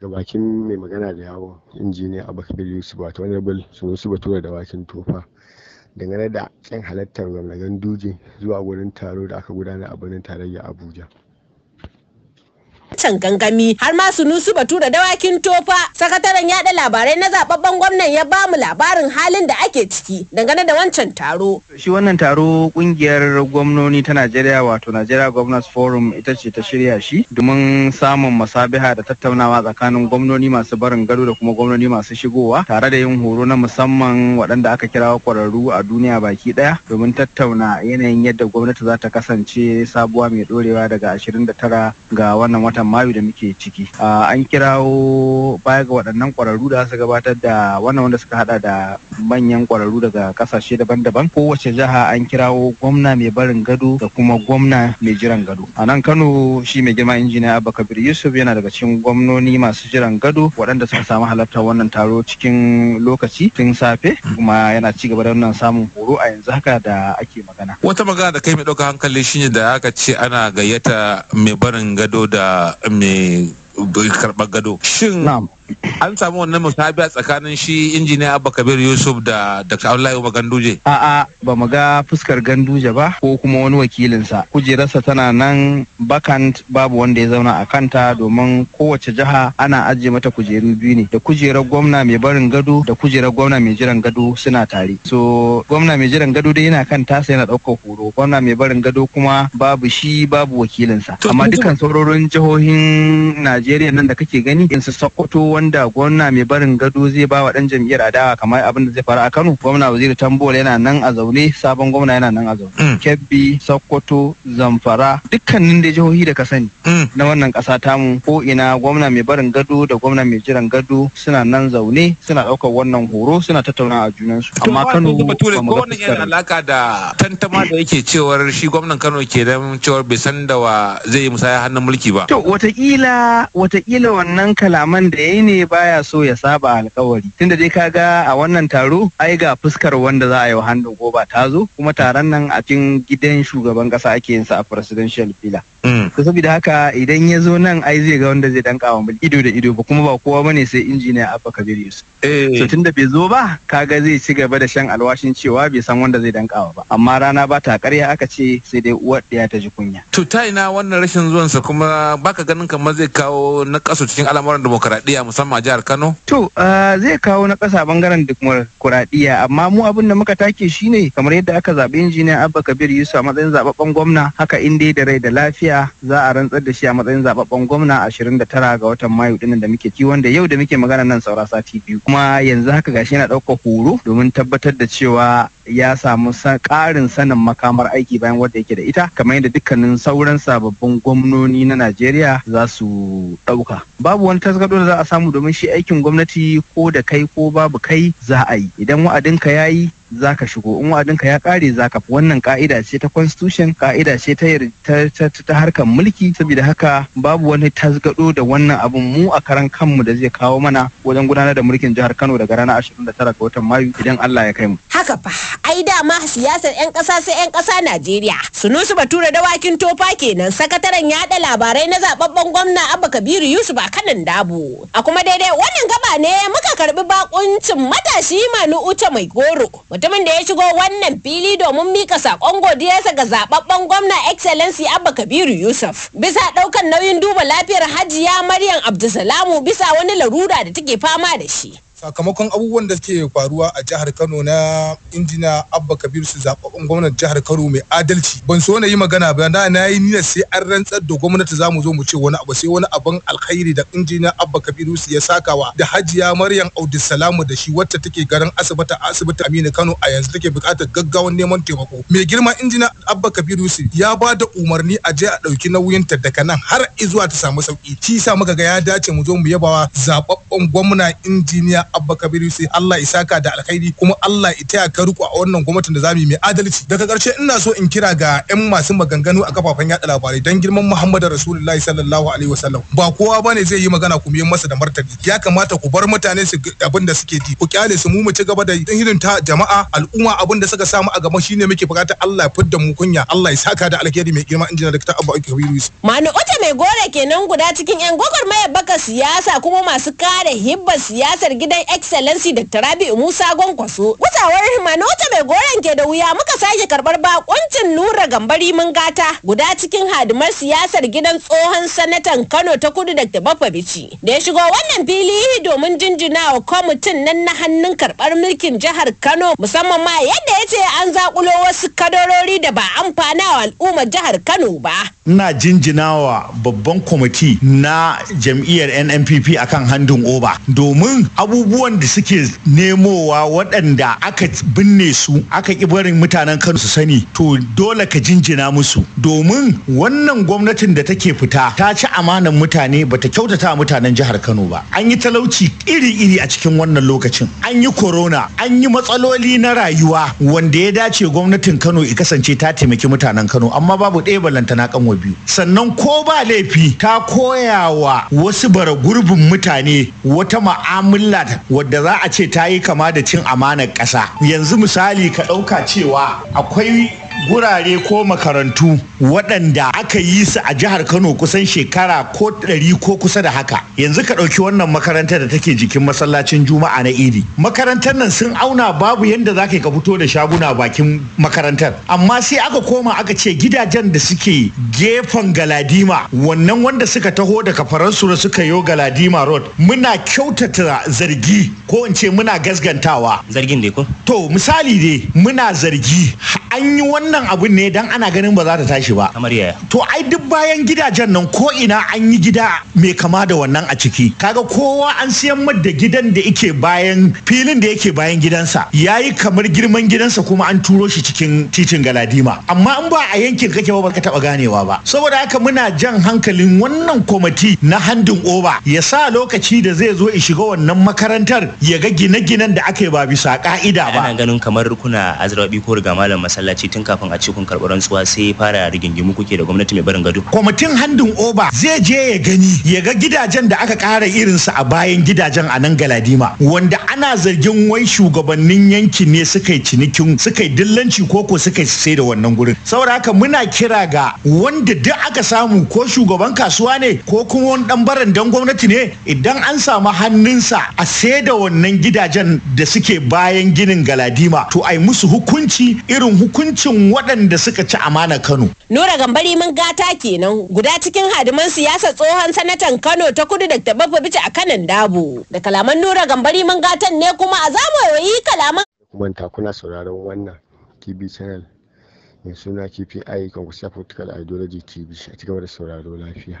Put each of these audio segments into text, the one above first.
daga bakin mai magana da yawon injiniya abubakar yusuf wato sun sunusu bature da bakin tufa dangane da kyan halartar gwamna ganduje zuwa wurin taro da aka gudanar a birnin tarayya abuja wancan gangami har ma su nusu batu da dawakin tofa sakataren yaɗa labarai na zababben gwamnan ya bamu labarin halin da ake ciki dangane da wancan taro. Shi wannan taro kungiyar gwamnoni ta Najeriya wato Najeriya Governors Forum ita ce ta shirya shi domin samun masabiha da tattaunawa tsakanin gwamnoni masu barin gado da kuma gwamnoni masu shigowa tare da yin horo na musamman waɗanda aka kira kwararru a duniya baki ɗaya domin tattauna yanayin yadda gwamnati za ta kasance sabuwa mai ɗorewa daga 29 ga wannan watan mayu da muke ciki an kirawo baya ga waɗannan ƙwararru da su gabatar da wannan wanda suka hada da manyan ƙwararru daga kasashe daban-daban kowace jiha an kirawo gwamna mai barin gado da kuma gwamna mai jiran gado a nan kano shi mai girma injiniya abba kabir yusuf yana daga cikin gwamnoni masu jiran gado waɗanda suka samu halartar wannan taro cikin lokaci tun safe kuma yana ci gaba da wannan samun horo a yanzu haka da ake magana wata magana da kai mai ɗauka hankali shine da aka ce ana gayyata mai barin gado da mai karɓar gado shin an samu wannan musabiya tsakanin shi injiniya abba kabir yusuf da dr abdullahi umar ganduje a'a ba mu ga fuskar ganduje ba ko kuma wani wakilinsa kujerarsa tana nan bakant babu wanda ya zauna a kanta domin kowace jiha ana ajiye mata kujeru biyu ne da kujerar gwamna mai barin gado da kujerar gwamna mai jiran gado suna tare so gwamna mai jiran gado dai yana kan tasa yana ɗaukar horo gwamna mai barin gado kuma babu shi babu wakilinsa amma dukkan sauraron jihohin najeriya nan da kake gani in su sokoto wanda gwamna mai barin gado zai ba wa dan jam'iyyar adawa kamar abin da zai faru a Kano gwamna Waziri Tambola yana nan a zaune sabon gwamna yana nan a zaune mm. Kebbi Sokoto Zamfara dukkanin da jihohi da ka sani mm. na wannan kasa tamu ko ina gwamna mai barin gado da gwamna mai jiran gado suna nan zaune suna daukar wannan horo suna tattauna a junan su amma Kano ba mu ga alaka da tantama da yake cewar shi gwamnan Kano ke nan cewar bai san da wa zai yi musaya hannun mulki ba to watakila watakila wannan kalaman da yayi ne baya so ya saba alkawari tunda dai ga a wannan taro ai ga fuskar wanda za a yi hannun goba ta zo kuma taron nan a cikin gidan shugaban ƙasa ake yin sa a presidential villa hmm. to saboda haka idan ya zo nan ai zai ga wanda zai danka wa ido da ido ba kuma ba kowa bane sai injiniya Abba Kabir Yusuf so eh. tunda bai zo ba kaga zai ci gaba da shan alwashin cewa bai san wanda zai danka ba amma rana ba ta ƙarya aka ce sai dai uwar ɗaya ta ji kunya to ta ina wannan rashin zuwansa kuma baka ganin kamar zai kawo na kaso cikin al'amuran demokaradiyya musamman a jihar Kano to ah, zai kawo na kasa bangaren demokaradiyya amma mu abin da muka take shine kamar yadda aka zaɓi injiniya Abba Kabir Yusuf a matsayin zababben gwamna haka inda da rai da lafiya za a rantsar da shi a matsayin zababben gwamna 29 ga watan mayu din da muke ci wanda yau da muke magana nan saura sati biyu kuma yanzu haka gashi yana ɗaukar horo domin tabbatar da cewa ya samu ƙarin sanin makamar aiki bayan wadda yake da ita kamar yadda dukkanin sauran sababbin gwamnoni na Najeriya za su ɗauka. Babu wani tasgado da za a samu domin shi aikin gwamnati ko da kai ko babu kai za a yi. Idan wa'adinka ya yi zaka shigo in wa'adinka ya kare zaka wannan ka'ida ce ta constitution ka'ida ce ta ta harkar mulki saboda haka babu wani tasgado da wannan abun mu a karan kanmu da zai kawo mana wajen gudanar da mulkin jihar Kano daga ranar 29 ga watan Mayu idan Allah ya kai mu haka fa ai dama siyasar yan kasa sai yan kasa Najeriya Sunusu Bature dawakin tofa kenan sakataren yada labarai na zababben gwamna Abba Kabiru Yusuf a kanan dabo a kuma daidai wannan gaba ne muka karbi bakuncin matashi Manu Uche mai goro mutumin da ya shigo wannan fili domin mika sakon godiyarsa ga zababben gwamna excellency abba kabiru yusuf bisa daukan nauyin duba lafiyar hajiya maryam abdulsalamu bisa wani larura da take fama da shi sakamakon abubuwan da suke faruwa a jihar Kano na injina Abba Kabir su zaɓaɓɓen gwamnan jihar Kano mai adalci. Ban so na yi magana ba na na yi niyyar sai an rantsar da gwamnati za mu zo mu ce wani abu sai wani abin alkhairi da injina Abba Kabir su ya sakawa da Hajiya Maryam Salamu da shi wacce take garin asibiti a asibiti Aminu Kano a yanzu take buƙatar gaggawan neman taimako. Mai girma injina Abba Kabir ya ba da umarni a je a ɗauki nauyinta daga nan har zuwa ta samu sauki. Shi sa muka ga ya dace mu zo mu yabawa zaɓaɓɓen gwamna injiniya abba kabiru sai Allah ya saka da alkhairi kuma Allah ya taya ka riko a wannan gwamnatin da zamu yi mai adalci daga karshe ina so in kira ga yan masu maganganu a kafafen yaɗa labarai dan girman Muhammadu Rasulullahi sallallahu alaihi wasallam ba kowa bane zai yi magana ku yi masa da martani ya kamata ku bar mutane su abin da suke ji ku kyale su mu mu ci gaba da irin ta jama'a al'umma abin da suka samu a gaba shine muke bukata Allah ya fidda mu kunya Allah ya saka da alkhairi mai girma injina Dr. Abba Kabiru Yusuf ota Uta mai gore kenan guda cikin ƴan yan mai baka siyasa kuma masu kare hibbar siyasar gidan sunan excellency dr rabi'u musa gwankwaso gutawar manota mai goron ke da wuya muka sake karɓar bakuncin nura gambari mun gata guda cikin hadimar siyasar gidan tsohon sanatan kano ta kudu dr baffa bici da ya shigo wannan fili domin jinjina wa kwamitin nan na hannun karɓar mulkin jihar kano musamman ma yadda ya ce an zakulo wasu kadarori da ba amfana wa al'ummar jihar kano ba ina jinjina wa babban kwamiti na jam'iyyar nnpp akan handin oba domin abubuwa abubuwan da suke nemowa waɗanda aka binne su aka ƙi barin mutanen Kano su sani to dole ka jinjina musu domin wannan gwamnatin da take fita ta ci amanan mutane bata kyautata mutanen jihar Kano ba an yi talauci iri-iri a cikin wannan lokacin an yi corona an yi matsaloli na rayuwa wanda ya dace gwamnatin Kano i kasance ta taimaki mutanen Kano amma babu ɗaya ballantana kanwa biyu sannan ko ba laifi ta koya wa wasu bara gurbin mutane wata ma'amala ta wadda za a ce ta yi kama da cin amanar ƙasa yanzu misali ka ɗauka cewa akwai gurare ko makarantu waɗanda aka yi su a jihar Kano kusan shekara ko ɗari ko kusa da haka. Yanzu ka ɗauki wannan makarantar da take jikin masallacin Juma'a na iri Makarantar nan sun auna babu yadda za ka fito da shaguna bakin makarantar. Amma sai aka koma aka ce gidajen da suke gefen Galadima wannan wanda suka taho daga Faransura suka yo Galadima Road muna kyautata zargi ko in ce muna gasgantawa. Zargin dai ko? To misali dai muna zargi an yi wannan abun ne dan ana ganin ba za ta tashi ba kamar yaya to ai duk bayan gidajen nan ko ina an yi gida mai kama da wannan a ciki kaga kowa an siyan da gidan da yake bayan filin da yake bayan gidansa yayi kamar girman gidansa kuma an turo shi cikin titin galadima amma in ba a yankin kake ba ka taba ganewa ba saboda haka muna jan hankalin wannan kwamati na handin oba ya sa lokaci da zai zo in shiga wannan makarantar ya ga gine-ginen da aka yi ba bisa ka'ida ba ana ganin kamar kuna azrabi ko riga malam masallaci tun kafin a cikin kun karɓi rantsuwa sai ya fara rigingimu kuke da gwamnati mai barin gado kwamitin handin oba zai je ya gani ya ga gidajen da aka ƙara irinsa a bayan gidajen a nan galadima wanda ana zargin wai shugabannin yankin ne suka yi cinikin suka yi dillanci koko suka sai da wannan gurin saboda haka muna kira ga wanda duk aka samu ko shugaban kasuwa ne ko kuma wani dan barandan gwamnati ne idan an samu hannunsa a sai da wannan gidajen da suke bayan ginin galadima to ai musu hukunci irin hukuncin waɗanda suka ci amana Kano. Nura Gambari mun gata kenan guda cikin hadiman siyasa tsohon sanatan Kano ta kudu da ta babba Bici a kanan Dabo. Da kalaman Nura Gambari mun gatan ne kuma a yi kalaman. Kuma takuna sauraron wannan TV channel mai suna KPI kusa Political Ideology TV a cikin da sauraro lafiya.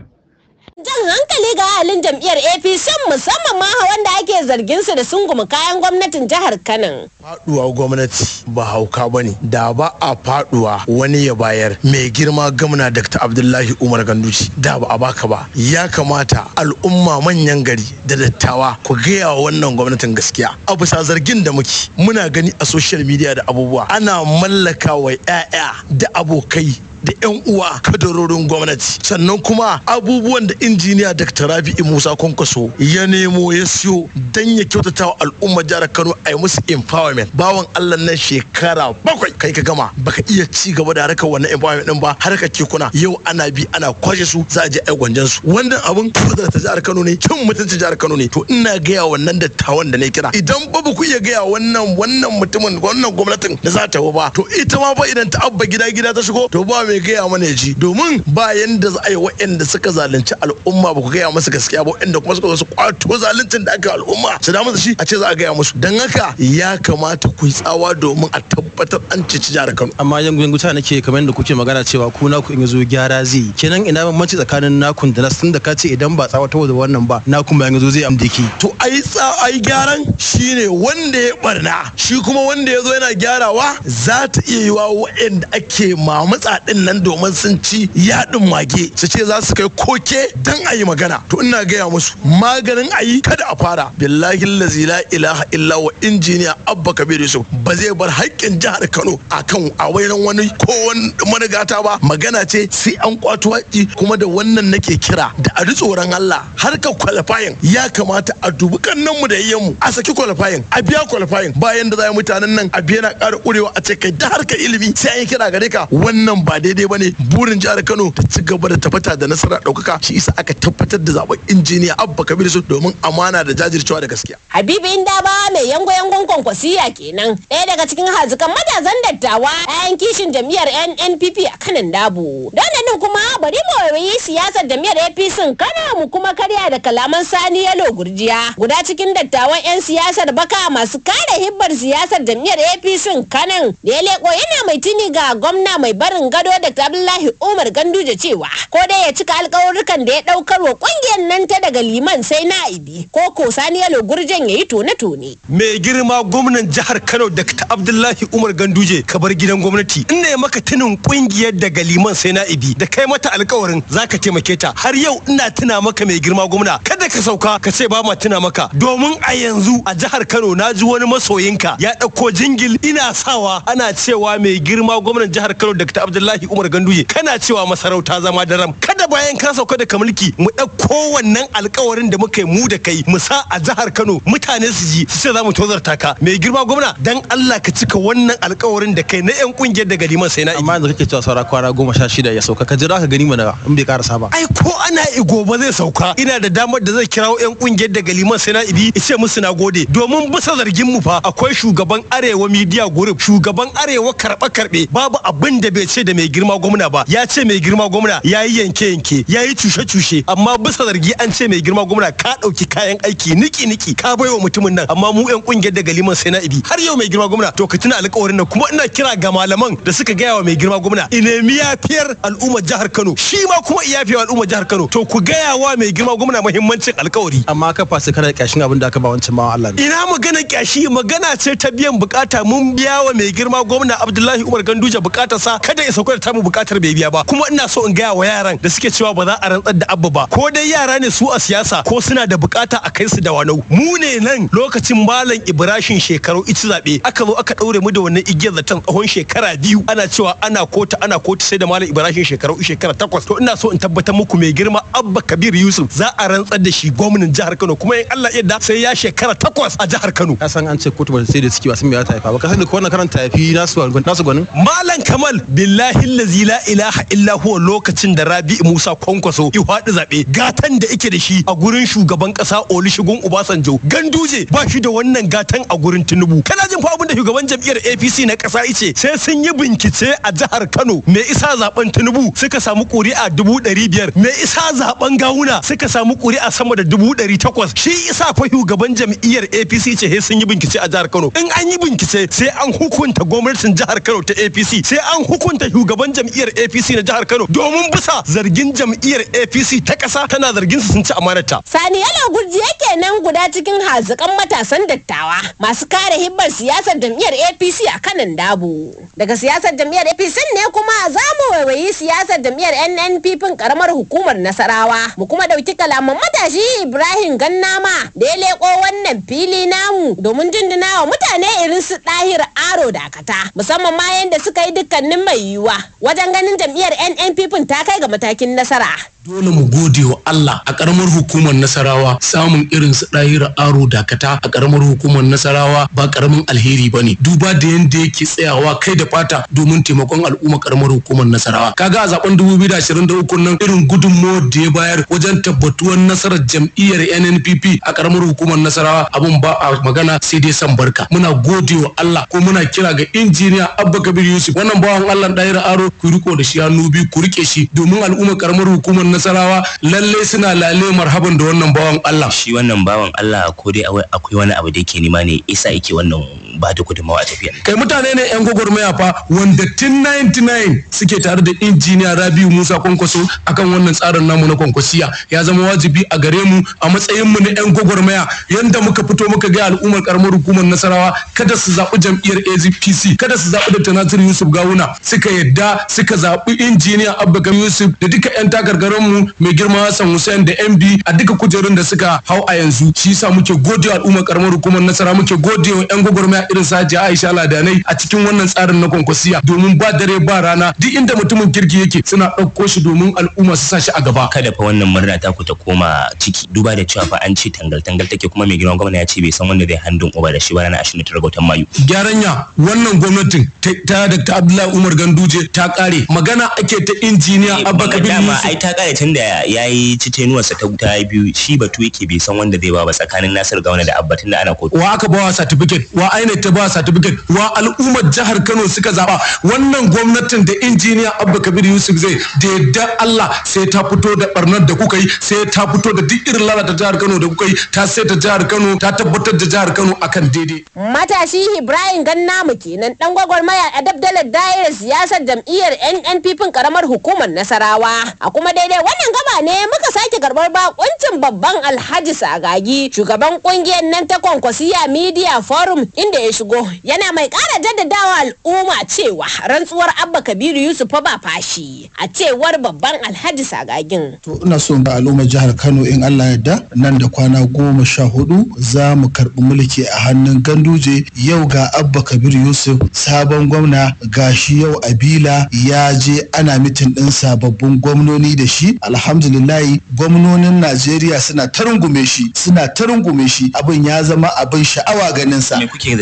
jan hankali ga halin jam'iyyar apc musamman ma wanda ake zargin su da sunguma kayan gwamnatin jihar kano faduwa gwamnati ba hauka bane, da ba a faduwa wani ya bayar mai girma gamna dr abdullahi umar ganduci da ba a baka ba ya kamata al'umma manyan gari da dattawa ku gaya wa wannan gwamnatin gaskiya a bisa zargin da muke muna gani a social media da abubuwa ana mallaka wa 'ya'ya da abokai da 'yan uwa kadarorin gwamnati sannan kuma abubuwan da injiniya dr rabi'i musa kwankwaso ya nemo ya siyo dan ya kyautata wa al'ummar jihar kano a yi musu empowerment bawan allah nan shekara bakwai kai ka gama baka iya ci gaba da harkar wannan empowerment din ba har harkar kekuna yau ana bi ana kwashe su za a je ai gwanjan su wannan abun ta jihar kano ne cin mutunci jihar kano ne to ina gaya wannan dattawan da na kira idan ba ku iya gaya wannan wannan mutumin wannan gwamnatin da za ta ba to ita ma ba idan ta abba gida gida ta shigo to ba mai gaya mana ya ji domin ba yanda za a yi waɗanda suka zalunci al'umma ba ku gaya masu gaskiya ba waɗanda kuma suka zo su kwato zaluncin da aka al'umma su da shi a ce za a gaya musu dan haka ya kamata ku yi tsawa domin a tabbatar an cici jihar Kano amma yan ta nake kamar yadda kuke magana cewa ku ku in zo gyara zai kenan ina mace tsakanin nakun da nasu da ka ce idan ba tsawa ta wajen wannan ba nakun ba yanzu zai amdiki to ai tsa ai gyaran shine wanda ya barna shi kuma wanda ya zo yana gyarawa za ta iya yiwa waɗanda ake mamutsa din nan domin sun ci yadin mage su ce za su kai koke dan a yi magana to ina gaya musu maganin ayi kada a fara billahi la ilaha illa wa injiniya abba kabir yusuf ba zai bar haƙƙin jihar kano akan a wairan wani ko wani manigata ba magana ce sai an kwato haƙƙi kuma da wannan nake kira da a tsoron Allah har ka kwalifayin ya kamata a dubi kannan mu da yayyan mu a saki kwalifayin a biya kwalifayin bayan da za mutanen nan a biya na ƙara ƙurewa a ce kai da harkar ilimi sai an yi kira gare ka wannan ba dai daidai bane burin jihar Kano ta ci gaba da tafata da nasara ɗaukaka shi isa aka tabbatar da zaben injiniya Abba Kabir su domin amana da jajircewa da gaskiya. Habibu inda ba mai yango yangon kwankwasiya kenan ɗaya daga cikin hazikan matazan dattawa ɗayan kishin jam'iyyar NNPP a kanan dabo. nan kuma bari mu yi siyasar jam'iyyar APC Kano mu kuma karya da kalaman Sani Yalo Gurjiya guda cikin dattawan 'yan siyasar baka masu kare hibbar siyasar jam'iyyar APC kanan da ya leko yana mai tuni ga gwamna mai barin gado Dr. Abdullahi Umar Ganduje cewa ko dai ya cika alkawarrukan da ya ɗaukar wa ƙungiyar nan ta daga liman sai na idi ko ko Sani Yalo Gurjen yayi tone-tone. Mai girma gwamnan jihar Kano Dr. Abdullahi Umar Ganduje ka bar gidan gwamnati. in Ina maka tunin ƙungiyar daga liman sai na ibi da kai mata alkawarin zaka taimake ta har yau ina tuna maka mai girma gwamna kada ka sauka ka ce ba ma tuna maka domin a yanzu a jihar Kano na ji wani masoyinka ya dauko jingil ina sawa ana cewa mai girma gwamnan jihar Kano Dr. Abdullahi Umar Ganduje kana cewa masarauta zama daram kada bayan ka sauka daga mulki mu ɗauko kowannen alkawarin da muka yi mu da kai mu sa a jihar Kano mutane su ji su ce za mu tozarta ka mai girma gwamna dan Allah ka cika wannan alkawarin da kai na yan kungiyar da liman sai na amma yanzu kake cewa saura kwara goma sha shida ya sauka ka jira ka gani mana in bai karasa ba ai ko ana gobe zai sauka ina da damar da zai kirawo yan kungiyar daga liman sai na ibi ce musu na gode domin bisa zargin mu fa akwai shugaban arewa media group shugaban arewa karbe karbe babu abin da bai ce da mai girma gwamna ba ya ce mai girma gwamna ya yi yanke yanke ya yi cushe cushe amma bisa zargi an ce mai girma gwamna ka ɗauki kayan aiki niki niki ka bai wa mutumin nan amma mu yan kungiyar daga liman sai na ibi har yau mai girma gwamna to ka tuna alƙawarin nan kuma ina kira ga malaman da suka gaya wa mai girma gwamna inemi fiyar al'ummar jihar Kano shi ma kuma iya fiyar al'ummar jihar Kano to ku gaya wa mai girma gwamna muhimmancin alƙawari amma ka fasa kana kyashin abin da aka ba wancan ma Allah ina magana kyashi magana ce ta biyan bukata mun biya wa mai girma gwamna Abdullahi Umar Ganduje bukatarsa kada ya sauka samu bukatar bebiya ba kuma ina so in gaya wa yaran da suke cewa ba za a rantsar da abba ba ko dai yara ne su a siyasa ko suna da bukata a kai su da wanau mu ne nan lokacin malam ibrahim shekaru ici zabe aka zo aka daure mu da wannan igiyar zaton tsawon shekara biyu ana cewa ana kota ana kota sai da malam ibrahim shekaru shekara takwas to ina so in tabbatar muku mai girma abba kabir yusuf za a rantsar da shi gwamnan jihar kano kuma in allah yadda sai ya shekara takwas a jihar kano ka san an ce kotu ba sai da suke sun mai ta haifa ba ka san da wannan karanta haifi nasu nasu gwanin malam kamal billahi billazi la ilaha illa huwa lokacin da rabi Musa Kwankwaso ya faɗi zabe gatan da ike da shi a gurin shugaban kasa Olusegun Obasanjo ganduje ba shi da wannan gatan a gurin Tinubu kana jin fa da shugaban jam'iyyar APC na kasa ice sai sun yi bincike a jihar Kano me isa zaben Tinubu suka samu ƙuri'a dubu ɗari biyar me isa zaben Gawuna suka samu ƙuri'a sama da dubu ɗari takwas shi isa fa shugaban jam'iyyar APC ce sai sun yi bincike a jihar Kano in an yi bincike sai an hukunta gwamnatin jihar Kano ta APC sai an hukunta shugaban shugaban jam'iyyar APC na jihar Kano domin bisa zargin jam'iyyar APC ta ƙasa tana zargin su sun ci amanarta. Sani Yalo Gurji yake nan guda cikin hazikan matasan dattawa masu kare hibbar siyasar jam'iyyar APC a kanan dabo. Daga siyasar jam'iyyar APC ne kuma za mu waiwayi siyasar jam'iyyar NNPP karamar hukumar Nasarawa mu kuma ɗauki kalaman matashi Ibrahim Gannama da ya leko wannan fili namu domin jindina wa mutane irin su Dahir aro dakata musamman ma yadda suka yi dukkanin mai yiwuwa wajen ganin jam'iyyar NNPP ta kai ga matakin nasara. dole mu gode wa Allah a karamar hukumar Nasarawa samun irin su ɗahira aro dakata a karamar hukumar Nasarawa ba karamin alheri ba ne duba da yadda yake tsayawa kai da fata domin taimakon al'umma karamar hukumar Nasarawa kaga a zaben 2023 nan irin gudunmawar da ya bayar wajen tabbatuwar nasarar jam'iyyar NNPP a ƙaramar hukumar Nasarawa abun ba a magana sai dai san barka muna gode wa Allah ko muna kira ga injiniya Abba Kabir Yusuf wannan bawan Allah ɗahira aro ku riko da shi hannu biyu ku rike shi domin al'umma karamar hukumar nasarawa lallai suna lale marhaban da wannan bawan Allah shi wannan bawan Allah ko dai akwai wani abu da yake nema ne isa yake wannan ba da gudunmawa a tafiya kai mutane ne yan gwagwarmaya fa wanda tun 99 suke tare da injiniya Rabiu Musa Kwankwaso akan wannan tsarin namu na Kwankwasiya ya zama wajibi a gare mu a matsayin mu na yan gwagwarmaya yanda muka fito muka ga al'ummar karamar hukumar Nasarawa kada su zaɓi jam'iyyar AZPC kada su zaɓi da Tanasir Yusuf Gawuna suka yadda suka zaɓi injiniya Abba Gam Yusuf da duka yan takargaran mu mai girma Hassan Hussein da MB a duka kujerun da suka hau a yanzu shi yasa muke gode al'ummar karamar hukumar Nasarawa muke gode yan gwagwarmaya irin saji Aisha Ladanai a cikin wannan tsarin na kwankwasiya domin ba dare ba rana duk inda mutumin kirki yake suna ɗauko shi domin al'umma su sa shi a gaba. Kada fa wannan murna ta ku ta koma ciki duba da cewa fa an ce tangal-tangal take kuma mai gidan gwamna ya ce bai san wanda zai handun uba da shi ba ranar 29 ga watan Mayu. Gyaranya wannan gwamnatin ta ta Abdullahi Umar Ganduje ta kare magana ake ta injiniya eh, Abba Kabir Yusuf. Ai ta kare tun da yayi sa ta ta biyu shi batu yake bai san wanda zai ba ba tsakanin Nasir Gawana da Abba tun da ana kotu. Wa aka ba wa certificate wa aina ta ba certificate wa al'ummar jihar Kano suka zaba wannan gwamnatin da injiniya Abba Kabir Yusuf zai da yadda Allah sai ta fito da barnar da kuka yi sai ta fito da duk irin lalata jihar Kano da kuka yi ta sai ta jihar Kano ta tabbatar da jihar Kano akan daidai matashi Ibrahim ganna mu kenan dan gwagwarmaya a dabdalar da'irar siyasar jam'iyyar NNPP karamar hukumar Nasarawa a kuma daidai wannan gaba ne muka sake karbar bakuncin babban Alhaji Sagagi shugaban kungiyar nan ta Kwankwasiya Media Forum inda ya shigo yana mai kara jaddadawa al'umma cewa rantsuwar abba kabiru yusuf ba fashi a cewar babban alhaji sagagin. to ina so ga al'ummar jihar kano in allah yadda nan da kwana goma sha hudu za mu karbi mulki a hannun ganduje yau ga abba kabiru yusuf sabon gwamna ga shi yau abila ya je ana mitin din sababbin gwamnoni da shi alhamdulillahi gwamnonin najeriya suna tarungume shi suna tarungume shi abin ya zama abin sha'awa ganin sa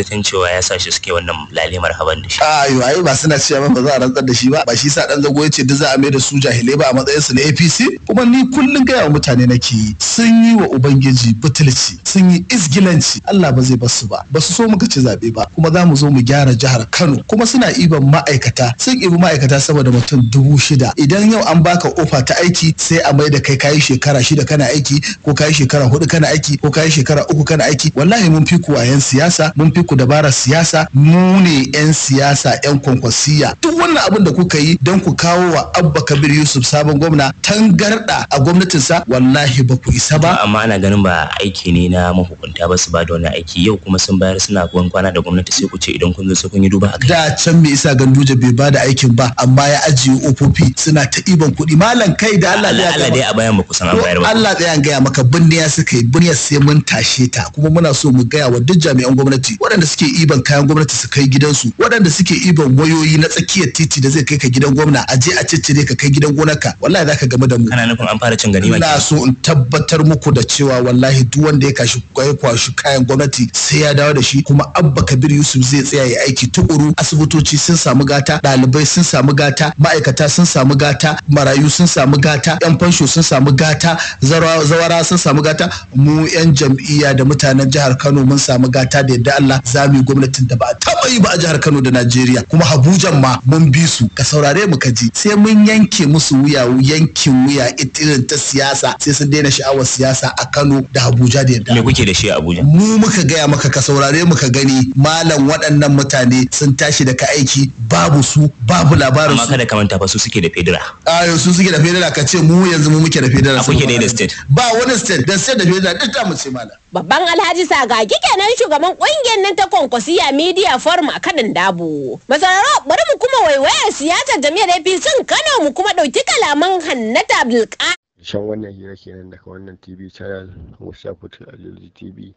zargin cewa ya sa shi suke wannan lalimar marhaban da shi. Ayo ayo ba suna cewa ba za a rantsar da shi ba ba shi sa dan zago ya ce duk za a mai da su jahilai ba a matsayin na APC kuma ni kullun gaya wa mutane nake yi sun yi wa ubangiji butulci sun yi isgilanci Allah ba zai bar su ba ba su so muka ci zaɓe ba kuma za mu zo mu gyara jihar Kano kuma suna iban ma'aikata sun ibi ma'aikata saboda mutum dubu shida idan yau an baka ofa ta aiki sai a mai da kai kayi shekara shida kana aiki ko kayi shekara hudu kana aiki ko kayi shekara uku kana aiki wallahi mun fi kuwa 'yan siyasa mun fi ku dabarar siyasa mu ne 'yan siyasa 'yan kwankwasiya duk wannan abin da kuka yi don ku kawo wa abba kabir yusuf sabon gwamna Tangarɗa a gwamnatinsa wallahi ba ku isa ba amma ana ganin ba aiki ne na mahukunta ba su ba da wani aiki yau kuma sun bayar suna gwan kwana da gwamnati sai ku ce idan kun zo sai kun yi duba akai da can me isa ganduje bai ba da aikin ba amma ya ajiye ofofi suna ta iban kuɗi malam kai da Allah ya Allah dai a bayan ba an bayar ba Allah dai gaya maka binniya suka yi binniya sai mun tashe ta kuma muna so mu gaya wa duk jami'an gwamnati waɗanda suke iban kayan gwamnati su kai gidansu waɗanda suke iban wayoyi na tsakiyar titi da zai kai ka gidan gwamna a je a ciccire ka kai gidan gonarka wallahi zaka game da mu kana nufin an fara cin ganima ina so in tabbatar muku da cewa wallahi duk wanda ya kashi ya kwashi kayan gwamnati sai ya dawo da shi kuma abba kabir yusuf zai tsaya ya aiki tukuru asibitoci sun samu gata ɗalibai sun samu gata ma'aikata sun samu gata marayu sun samu gata yan fansho sun samu gata zawara sun samu gata mu yan jam'iyya da mutanen jihar kano mun samu gata da yadda allah za gwamnatin da ba a taba yi ba a jihar Kano da Najeriya kuma Abuja ma mun bi su ka saurare mu ka ji sai mun yanke musu wuya yankin wuya irin ta siyasa sai sun daina sha'awar siyasa a Kano da Abuja da yadda. Me kuke da shi a Abuja? Mu muka gaya maka ka saurare mu ka gani malam waɗannan mutane sun tashi daga aiki babu su babu labarin su. Amma kada ka manta fa su suke da federa. A su suke da federa ka ce mu yanzu mu muke da federa. Akwai kuke da state. Ba wani state da state da federa duk ta mu ce malam. Babban Alhaji Sagagi kenan shugaban kungiyar nan ta Konkwasiya Media Forum a kadin Dabo. Masararo bari mu kuma waiwaya siyasar jami'ar APC Kano mu kuma ɗauki kalaman Hannata Abdulkadir. Shan wannan hira kenan daga wannan TV channel Musa Kutu Aliyu TV.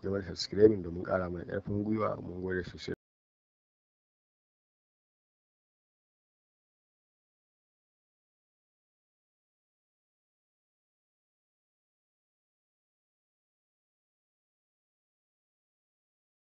Ku yi subscribing domin kara mana karfin gwiwa mun gode sosai.